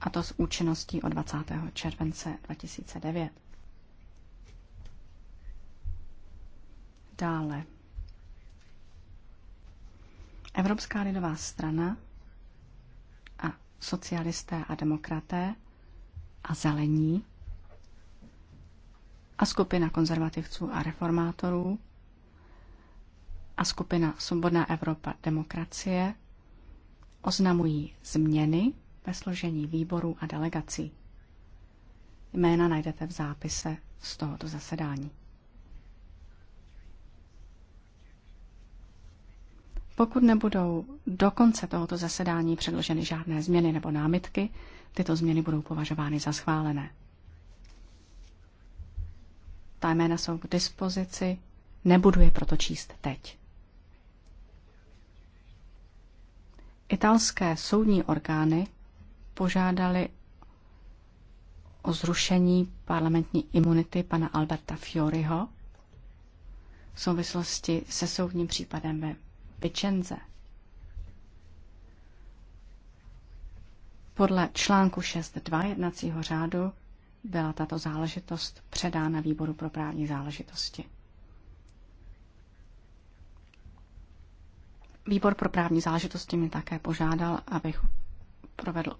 a to s účinností od 20. července 2009. Dále. Evropská lidová strana a socialisté a demokraté a zelení a skupina konzervativců a reformátorů a skupina Svobodná Evropa demokracie oznamují změny ve složení výborů a delegací. Jména najdete v zápise z tohoto zasedání. Pokud nebudou do konce tohoto zasedání předloženy žádné změny nebo námitky, tyto změny budou považovány za schválené. Ta jména jsou k dispozici, nebudu je proto číst teď. Italské soudní orgány požádali o zrušení parlamentní imunity pana Alberta Fioriho v souvislosti se soudním případem ve Vicenze. Podle článku 6.2 jednacího řádu byla tato záležitost předána výboru pro právní záležitosti. Výbor pro právní záležitosti mě také požádal, abych provedl